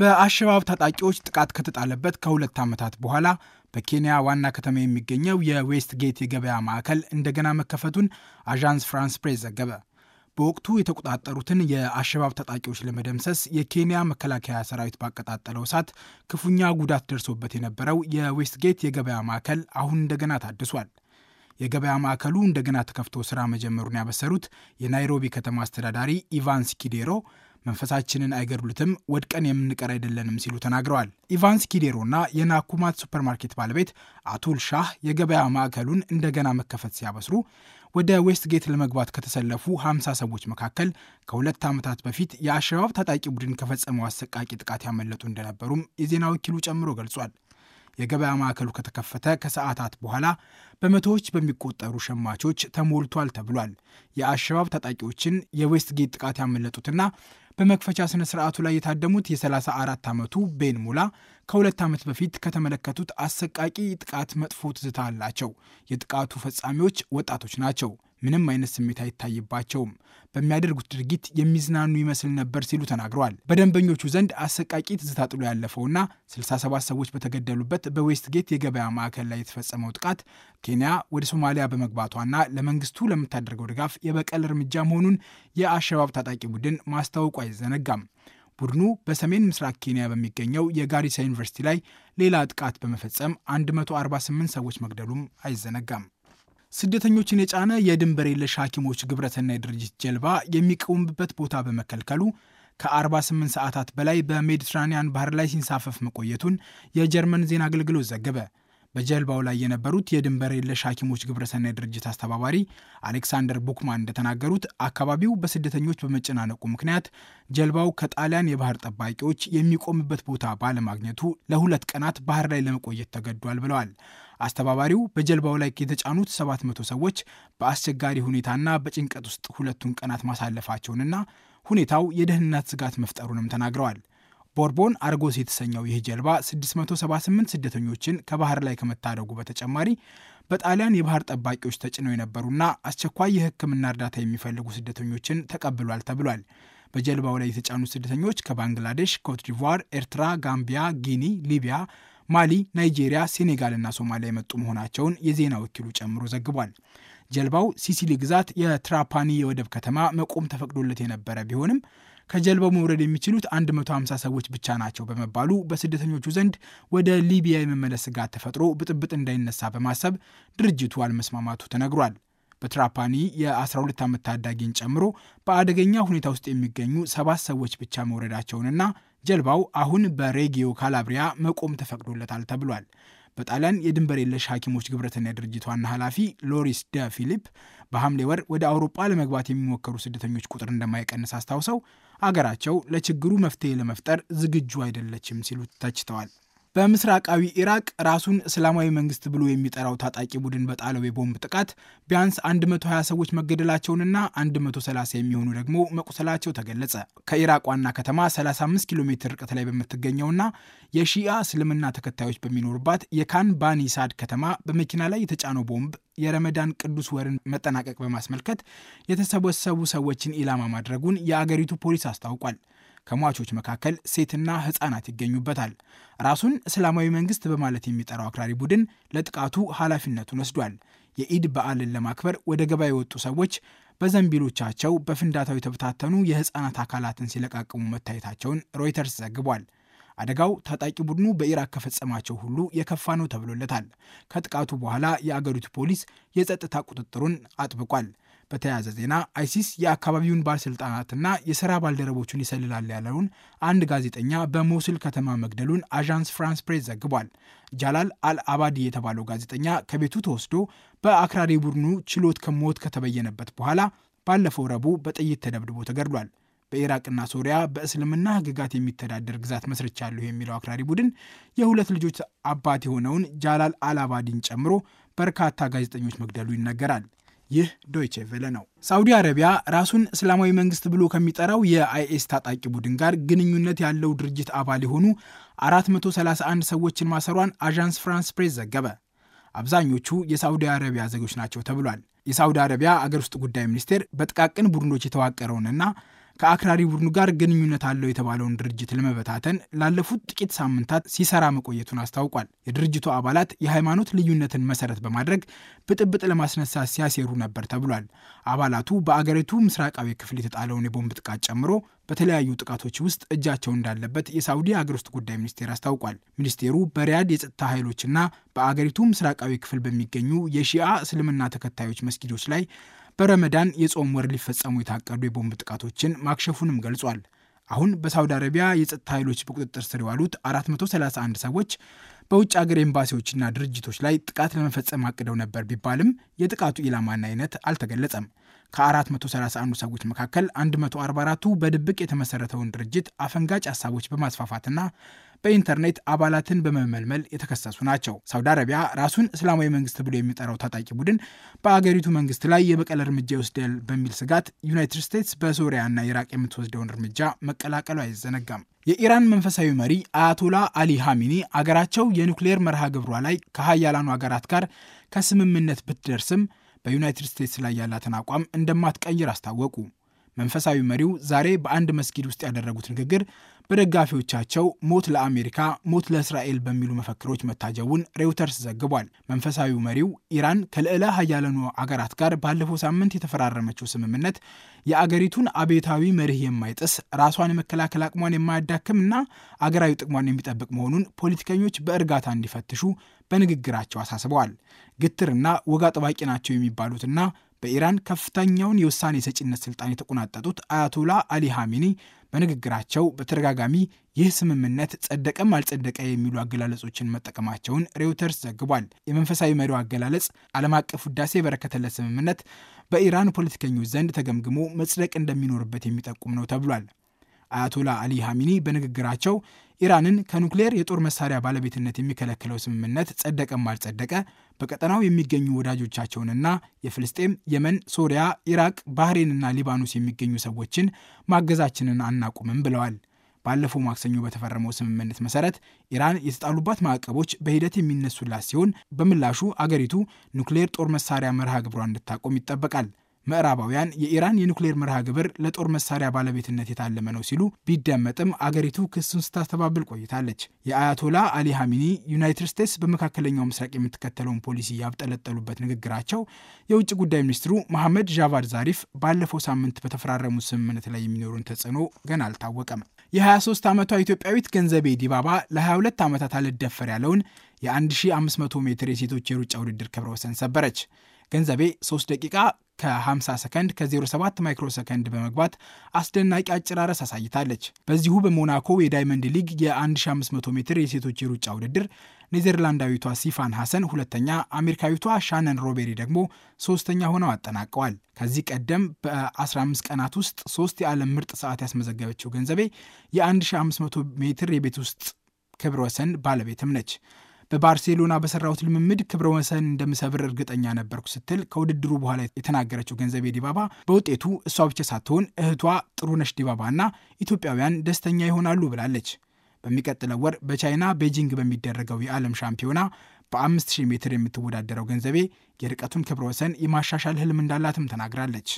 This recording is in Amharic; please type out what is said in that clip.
በአሸባብ ታጣቂዎች ጥቃት ከተጣለበት ከሁለት ዓመታት በኋላ በኬንያ ዋና ከተማ የሚገኘው የዌስት ጌት የገበያ ማዕከል እንደገና መከፈቱን አዣንስ ፍራንስ ፕሬስ ዘገበ። በወቅቱ የተቆጣጠሩትን የአሸባብ ታጣቂዎች ለመደምሰስ የኬንያ መከላከያ ሰራዊት ባቀጣጠለው እሳት ክፉኛ ጉዳት ደርሶበት የነበረው የዌስት ጌት የገበያ ማዕከል አሁን እንደገና ታድሷል። የገበያ ማዕከሉ እንደገና ተከፍቶ ስራ መጀመሩን ያበሰሩት የናይሮቢ ከተማ አስተዳዳሪ ኢቫንስ ኪዴሮ መንፈሳችንን አይገድሉትም፣ ወድቀን የምንቀር አይደለንም ሲሉ ተናግረዋል። ኢቫንስ ኪዴሮና የናኩማት ሱፐርማርኬት ባለቤት አቶል ሻህ የገበያ ማዕከሉን እንደገና መከፈት ሲያበስሩ ወደ ዌስት ጌት ለመግባት ከተሰለፉ 50 ሰዎች መካከል ከሁለት ዓመታት በፊት የአሸባብ ታጣቂ ቡድን ከፈጸመው አሰቃቂ ጥቃት ያመለጡ እንደነበሩም የዜና ወኪሉ ጨምሮ ገልጿል። የገበያ ማዕከሉ ከተከፈተ ከሰዓታት በኋላ በመቶዎች በሚቆጠሩ ሸማቾች ተሞልቷል ተብሏል። የአሸባብ ታጣቂዎችን የዌስት ጌት ጥቃት ያመለጡትና በመክፈቻ ስነ ስርዓቱ ላይ የታደሙት የ34 ዓመቱ ቤን ሙላ ከሁለት ዓመት በፊት ከተመለከቱት አሰቃቂ ጥቃት መጥፎ ትዝታ አላቸው። የጥቃቱ ፈጻሚዎች ወጣቶች ናቸው። ምንም አይነት ስሜት አይታይባቸውም። በሚያደርጉት ድርጊት የሚዝናኑ ይመስል ነበር ሲሉ ተናግረዋል። በደንበኞቹ ዘንድ አሰቃቂ ትዝታ ጥሎ ያለፈውና 67 ሰዎች በተገደሉበት በዌስትጌት የገበያ ማዕከል ላይ የተፈጸመው ጥቃት ኬንያ ወደ ሶማሊያ በመግባቷና ለመንግስቱ ለምታደርገው ድጋፍ የበቀል እርምጃ መሆኑን የአሸባብ ታጣቂ ቡድን ማስታወቋ አይዘነጋም። ቡድኑ በሰሜን ምስራቅ ኬንያ በሚገኘው የጋሪሳ ዩኒቨርሲቲ ላይ ሌላ ጥቃት በመፈጸም 148 ሰዎች መግደሉም አይዘነጋም። ስደተኞችን የጫነ የድንበር የለሽ ሐኪሞች ግብረሰናይ ድርጅት ጀልባ የሚቀውምበት ቦታ በመከልከሉ ከ48 ሰዓታት በላይ በሜዲትራኒያን ባህር ላይ ሲንሳፈፍ መቆየቱን የጀርመን ዜና አገልግሎት ዘገበ። በጀልባው ላይ የነበሩት የድንበር የለሽ ሐኪሞች ግብረሰናይ ድርጅት አስተባባሪ አሌክሳንደር ቡክማን እንደተናገሩት አካባቢው በስደተኞች በመጨናነቁ ምክንያት ጀልባው ከጣሊያን የባህር ጠባቂዎች የሚቆምበት ቦታ ባለማግኘቱ ለሁለት ቀናት ባህር ላይ ለመቆየት ተገዷል ብለዋል። አስተባባሪው በጀልባው ላይ የተጫኑት 700 ሰዎች በአስቸጋሪ ሁኔታና በጭንቀት ውስጥ ሁለቱን ቀናት ማሳለፋቸውንና ሁኔታው የደህንነት ስጋት መፍጠሩንም ተናግረዋል። ቦርቦን አርጎስ የተሰኘው ይህ ጀልባ 678 ስደተኞችን ከባህር ላይ ከመታደጉ በተጨማሪ በጣሊያን የባህር ጠባቂዎች ተጭነው የነበሩና አስቸኳይ የሕክምና እርዳታ የሚፈልጉ ስደተኞችን ተቀብሏል ተብሏል። በጀልባው ላይ የተጫኑ ስደተኞች ከባንግላዴሽ፣ ኮትዲቯር፣ ኤርትራ፣ ጋምቢያ፣ ጊኒ፣ ሊቢያ፣ ማሊ፣ ናይጄሪያ፣ ሴኔጋልና ሶማሊያ የመጡ መሆናቸውን የዜና ወኪሉ ጨምሮ ዘግቧል። ጀልባው ሲሲሊ ግዛት የትራፓኒ የወደብ ከተማ መቆም ተፈቅዶለት የነበረ ቢሆንም ከጀልባው መውረድ የሚችሉት 150 ሰዎች ብቻ ናቸው በመባሉ በስደተኞቹ ዘንድ ወደ ሊቢያ የመመለስ ስጋት ተፈጥሮ ብጥብጥ እንዳይነሳ በማሰብ ድርጅቱ አለመስማማቱ ተነግሯል። በትራፓኒ የ12 ዓመት ታዳጊን ጨምሮ በአደገኛ ሁኔታ ውስጥ የሚገኙ ሰባት ሰዎች ብቻ መውረዳቸውንና ጀልባው አሁን በሬጊዮ ካላብሪያ መቆም ተፈቅዶለታል ተብሏል። በጣሊያን የድንበር የለሽ ሐኪሞች ግብረትና ድርጅት ዋና ኃላፊ ሎሪስ ደ ፊሊፕ በሐምሌ ወር ወደ አውሮፓ ለመግባት የሚሞከሩ ስደተኞች ቁጥር እንደማይቀንስ አስታውሰው አገራቸው ለችግሩ መፍትሄ ለመፍጠር ዝግጁ አይደለችም ሲሉ ተችተዋል። በምስራቃዊ ኢራቅ ራሱን እስላማዊ መንግስት ብሎ የሚጠራው ታጣቂ ቡድን በጣለው የቦምብ ጥቃት ቢያንስ 120 ሰዎች መገደላቸውንና 130 የሚሆኑ ደግሞ መቁሰላቸው ተገለጸ። ከኢራቅ ዋና ከተማ 35 ኪሎ ሜትር ርቀት ላይ በምትገኘውና የሺአ እስልምና ተከታዮች በሚኖሩባት የካን ባኒ ሳድ ከተማ በመኪና ላይ የተጫነው ቦምብ የረመዳን ቅዱስ ወርን መጠናቀቅ በማስመልከት የተሰበሰቡ ሰዎችን ኢላማ ማድረጉን የአገሪቱ ፖሊስ አስታውቋል። ከሟቾች መካከል ሴትና ሕፃናት ይገኙበታል። ራሱን እስላማዊ መንግስት በማለት የሚጠራው አክራሪ ቡድን ለጥቃቱ ኃላፊነቱን ወስዷል። የኢድ በዓልን ለማክበር ወደ ገበያ የወጡ ሰዎች በዘንቢሎቻቸው በፍንዳታው የተበታተኑ የሕፃናት አካላትን ሲለቃቅሙ መታየታቸውን ሮይተርስ ዘግቧል። አደጋው ታጣቂ ቡድኑ በኢራቅ ከፈጸማቸው ሁሉ የከፋ ነው ተብሎለታል። ከጥቃቱ በኋላ የአገሪቱ ፖሊስ የጸጥታ ቁጥጥሩን አጥብቋል። በተያያዘ ዜና አይሲስ የአካባቢውን ባለሥልጣናትና የሥራ ባልደረቦቹን ይሰልላል ያለውን አንድ ጋዜጠኛ በሞስል ከተማ መግደሉን አዣንስ ፍራንስ ፕሬስ ዘግቧል። ጃላል አልአባዲ የተባለው ጋዜጠኛ ከቤቱ ተወስዶ በአክራሪ ቡድኑ ችሎት ከሞት ከተበየነበት በኋላ ባለፈው ረቡዕ በጥይት ተደብድቦ ተገድሏል። በኢራቅና ሶሪያ በእስልምና ሕግጋት የሚተዳደር ግዛት መስርቻለሁ የሚለው አክራሪ ቡድን የሁለት ልጆች አባት የሆነውን ጃላል አልአባዲን ጨምሮ በርካታ ጋዜጠኞች መግደሉ ይነገራል። ይህ ዶይቼ ቬለ ነው። ሳዑዲ አረቢያ ራሱን እስላማዊ መንግስት ብሎ ከሚጠራው የአይኤስ ታጣቂ ቡድን ጋር ግንኙነት ያለው ድርጅት አባል የሆኑ 431 ሰዎችን ማሰሯን አዣንስ ፍራንስ ፕሬስ ዘገበ። አብዛኞቹ የሳዑዲ አረቢያ ዜጎች ናቸው ተብሏል። የሳዑዲ አረቢያ አገር ውስጥ ጉዳይ ሚኒስቴር በጥቃቅን ቡድኖች የተዋቀረውንና ከአክራሪ ቡድኑ ጋር ግንኙነት አለው የተባለውን ድርጅት ለመበታተን ላለፉት ጥቂት ሳምንታት ሲሰራ መቆየቱን አስታውቋል። የድርጅቱ አባላት የሃይማኖት ልዩነትን መሰረት በማድረግ ብጥብጥ ለማስነሳት ሲያሴሩ ነበር ተብሏል። አባላቱ በአገሪቱ ምስራቃዊ ክፍል የተጣለውን የቦምብ ጥቃት ጨምሮ በተለያዩ ጥቃቶች ውስጥ እጃቸው እንዳለበት የሳውዲ አገር ውስጥ ጉዳይ ሚኒስቴር አስታውቋል። ሚኒስቴሩ በሪያድ የጸጥታ ኃይሎችና በአገሪቱ ምስራቃዊ ክፍል በሚገኙ የሺአ እስልምና ተከታዮች መስጊዶች ላይ በረመዳን የጾም ወር ሊፈጸሙ የታቀዱ የቦምብ ጥቃቶችን ማክሸፉንም ገልጿል። አሁን በሳውዲ አረቢያ የጸጥታ ኃይሎች በቁጥጥር ስር የዋሉት 431 ሰዎች በውጭ አገር ኤምባሲዎችና ድርጅቶች ላይ ጥቃት ለመፈጸም አቅደው ነበር ቢባልም የጥቃቱ ኢላማና አይነት አልተገለጸም። ከ431 ሰዎች መካከል 144ቱ በድብቅ የተመሰረተውን ድርጅት አፈንጋጭ ሀሳቦች በማስፋፋትና በኢንተርኔት አባላትን በመመልመል የተከሰሱ ናቸው። ሳውዲ አረቢያ ራሱን እስላማዊ መንግስት ብሎ የሚጠራው ታጣቂ ቡድን በአገሪቱ መንግስት ላይ የበቀል እርምጃ ይወስዳል በሚል ስጋት ዩናይትድ ስቴትስ በሶሪያና ኢራቅ የምትወስደውን እርምጃ መቀላቀሉ አይዘነጋም። የኢራን መንፈሳዊ መሪ አያቶላ አሊ ሐሚኒ አገራቸው የኒውክሌር መርሃ ግብሯ ላይ ከሀያላኑ አገራት ጋር ከስምምነት ብትደርስም በዩናይትድ ስቴትስ ላይ ያላትን አቋም እንደማትቀይር አስታወቁ። መንፈሳዊ መሪው ዛሬ በአንድ መስጊድ ውስጥ ያደረጉት ንግግር በደጋፊዎቻቸው ሞት ለአሜሪካ ሞት ለእስራኤል በሚሉ መፈክሮች መታጀቡን ሬውተርስ ዘግቧል። መንፈሳዊው መሪው ኢራን ከልዕለ ሀያለኑ አገራት ጋር ባለፈው ሳምንት የተፈራረመችው ስምምነት የአገሪቱን አቤታዊ መርህ የማይጥስ ራሷን የመከላከል አቅሟን የማያዳክም እና አገራዊ ጥቅሟን የሚጠብቅ መሆኑን ፖለቲከኞች በእርጋታ እንዲፈትሹ በንግግራቸው አሳስበዋል። ግትርና ወግ አጥባቂ ናቸው የሚባሉትና በኢራን ከፍተኛውን የውሳኔ ሰጪነት ስልጣን የተቆናጠጡት አያቶላ አሊ ሐሚኒ በንግግራቸው በተደጋጋሚ ይህ ስምምነት ጸደቀም አልጸደቀ የሚሉ አገላለጾችን መጠቀማቸውን ሬውተርስ ዘግቧል። የመንፈሳዊ መሪው አገላለጽ ዓለም አቀፍ ውዳሴ የበረከተለት ስምምነት በኢራን ፖለቲከኞች ዘንድ ተገምግሞ መጽደቅ እንደሚኖርበት የሚጠቁም ነው ተብሏል። አያቶላ አሊ ሐሚኒ በንግግራቸው ኢራንን ከኑክሌር የጦር መሳሪያ ባለቤትነት የሚከለክለው ስምምነት ጸደቀም አልጸደቀ በቀጠናው የሚገኙ ወዳጆቻቸውንና የፍልስጤም፣ የመን፣ ሶሪያ፣ ኢራቅ፣ ባህሬንና ሊባኖስ የሚገኙ ሰዎችን ማገዛችንን አናቁምም ብለዋል። ባለፈው ማክሰኞ በተፈረመው ስምምነት መሰረት ኢራን የተጣሉባት ማዕቀቦች በሂደት የሚነሱላት ሲሆን በምላሹ አገሪቱ ኑክሌር ጦር መሳሪያ መርሃ ግብሯ እንድታቆም ይጠበቃል። ምዕራባውያን የኢራን የኒኩሌር መርሃ ግብር ለጦር መሳሪያ ባለቤትነት የታለመ ነው ሲሉ ቢደመጥም አገሪቱ ክሱን ስታስተባብል ቆይታለች። የአያቶላ አሊ ሐሚኒ ዩናይትድ ስቴትስ በመካከለኛው ምስራቅ የምትከተለውን ፖሊሲ ያብጠለጠሉበት ንግግራቸው የውጭ ጉዳይ ሚኒስትሩ መሐመድ ዣቫድ ዛሪፍ ባለፈው ሳምንት በተፈራረሙት ስምምነት ላይ የሚኖሩን ተጽዕኖ ገና አልታወቀም። የ23 ዓመቷ ኢትዮጵያዊት ገንዘቤ ዲባባ ለ22 ዓመታት አልደፈር ያለውን የ1500 ሜትር የሴቶች የሩጫ ውድድር ክብረ ወሰን ሰበረች። ገንዘቤ 3 ደቂቃ ከ50 ሰከንድ ከ07 ማይክሮ ሰከንድ በመግባት አስደናቂ አጨራረስ አሳይታለች። በዚሁ በሞናኮ የዳይመንድ ሊግ የ1500 ሜትር የሴቶች የሩጫ ውድድር ኔዘርላንዳዊቷ ሲፋን ሐሰን ሁለተኛ፣ አሜሪካዊቷ ሻነን ሮቤሪ ደግሞ ሶስተኛ ሆነው አጠናቀዋል። ከዚህ ቀደም በ15 ቀናት ውስጥ ሶስት የዓለም ምርጥ ሰዓት ያስመዘገበችው ገንዘቤ የ1500 ሜትር የቤት ውስጥ ክብረ ወሰን ባለቤትም ነች። በባርሴሎና በሰራሁት ልምምድ ክብረ ወሰን እንደምሰብር እርግጠኛ ነበርኩ ስትል ከውድድሩ በኋላ የተናገረችው ገንዘቤ ዲባባ በውጤቱ እሷ ብቻ ሳትሆን እህቷ ጥሩነሽ ዲባባና ኢትዮጵያውያን ደስተኛ ይሆናሉ ብላለች። በሚቀጥለው ወር በቻይና ቤጂንግ በሚደረገው የዓለም ሻምፒዮና በ5000 ሜትር የምትወዳደረው ገንዘቤ የርቀቱን ክብረ ወሰን የማሻሻል ህልም እንዳላትም ተናግራለች።